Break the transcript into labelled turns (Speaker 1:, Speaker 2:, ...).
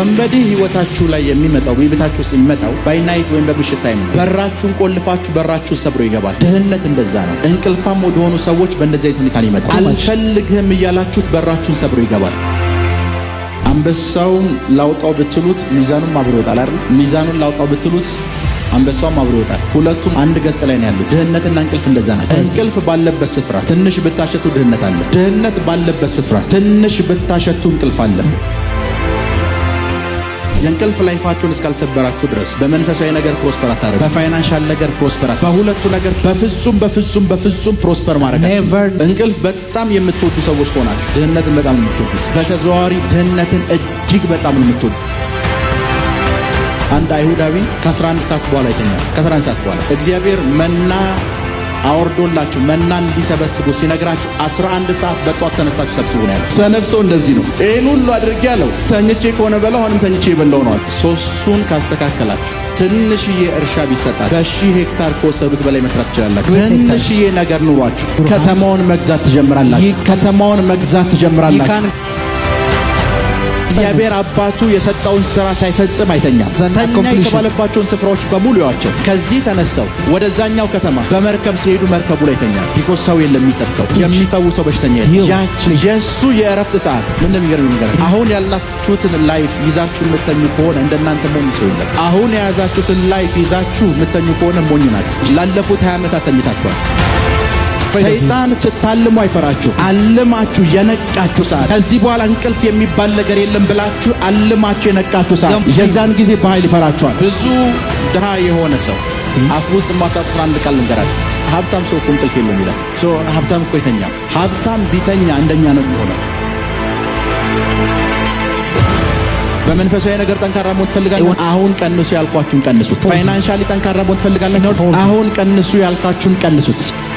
Speaker 1: ወንበዴ ህይወታችሁ ላይ የሚመጣው ቤታችሁ ውስጥ የሚመጣው ባይናይት ወይም በምሽት ታይም ነው። በራችሁን ቆልፋችሁ በራችሁ ሰብሮ ይገባል። ድህነት እንደዛ ነው። እንቅልፋም ወደሆኑ ሰዎች በእንደዚህ አይነት ሁኔታ ይመጣል። አልፈልግህም እያላችሁት በራችሁን ሰብሮ ይገባል። አንበሳውን ላውጣው ብትሉት ሚዛኑም አብሮ ይወጣል አይደል? ሚዛኑን ላውጣው ብትሉት አንበሳውም አብሮ ይወጣል። ሁለቱም አንድ ገጽ ላይ ነው ያሉት። ድህነትና እንቅልፍ እንደዛ ናቸው። እንቅልፍ ባለበት ስፍራ ትንሽ ብታሸቱ ድህነት አለ። ድህነት ባለበት ስፍራ ትንሽ ብታሸቱ እንቅልፍ አለ። የእንቅልፍ ላይፋችሁን እስካልሰበራችሁ ድረስ በመንፈሳዊ ነገር ፕሮስፐር አታደርጉ። በፋይናንሻል ነገር ፕሮስፐር አታደርጉ። በሁለቱ ነገር በፍጹም በፍጹም በፍጹም ፕሮስፐር ማድረግ እንቅልፍ በጣም የምትወዱ ሰዎች ከሆናችሁ ድህነትን በጣም የምትወዱ በተዘዋዋሪ ድህነትን እጅግ በጣም የምትወዱ። አንድ አይሁዳዊ ከ11 ሰዓት በኋላ ይተኛል። ከ11 ሰዓት በኋላ እግዚአብሔር መና አወርዶላችሁ መናን እንዲሰበስቡ ሲነግራችሁ 11 ሰዓት በጧት ተነስታችሁ ሰብስቡ ነው ያለው። ሰነፍ ሰው እንደዚህ ነው። ይህን ሁሉ አድርጌ ያለው ተኝቼ ከሆነ በላ አሁንም ተኝቼ የበላው ነዋል። ሶስቱን ካስተካከላችሁ ትንሽዬ እርሻ ቢሰጣል ከሺህ ሄክታር ከወሰዱት በላይ መስራት ትችላላችሁ። ትንሽዬ ነገር ኑሯችሁ ከተማውን መግዛት ትጀምራላችሁ። ከተማውን መግዛት ትጀምራላችሁ። እግዚአብሔር አባቱ የሰጠውን ስራ ሳይፈጽም አይተኛም። ተኛ የተባለባቸውን ስፍራዎች በሙሉ ያቸው። ከዚህ ተነሰው ወደዛኛው ከተማ በመርከብ ሲሄዱ መርከቡ ላይ ተኛ። ቢኮዝ ሰው የለም የሚሰብከው፣ የሚፈውሰው በሽተኛ ያች የእሱ የእረፍት ሰዓት ምን የሚገርም ነገር። አሁን ያላችሁትን ላይፍ ይዛችሁ የምተኙ ከሆነ እንደናንተ ሞኝ ሰው የለም። አሁን የያዛችሁትን ላይፍ ይዛችሁ የምተኙ ከሆነ ሞኝ ናችሁ። ላለፉት 20 ዓመታት ተኝታችኋል። ሰይጣን ስታልሙ አይፈራችሁ። አልማችሁ የነቃችሁ ሰዓት ከዚህ በኋላ እንቅልፍ የሚባል ነገር የለም ብላችሁ አልማችሁ የነቃችሁ ሰዓት የዛን ጊዜ በኃይል ይፈራችኋል። ብዙ ድሃ የሆነ ሰው አፍ ውስጥ የማታውቁትን አንድ ቃል ልንገራችሁ። ሀብታም ሰው እኮ እንቅልፍ የለም ይላል። ሀብታም እኮ ይተኛ። ሀብታም ቢተኛ እንደኛ ነው የሚሆነው። በመንፈሳዊ ነገር ጠንካራ መሆን ትፈልጋለህ? አሁን ቀንሱ ያልኳችሁን ቀንሱት። ፋይናንሻሊ ጠንካራ መሆን ትፈልጋለህ? አሁን ቀንሱ ያልኳችሁን ቀንሱት።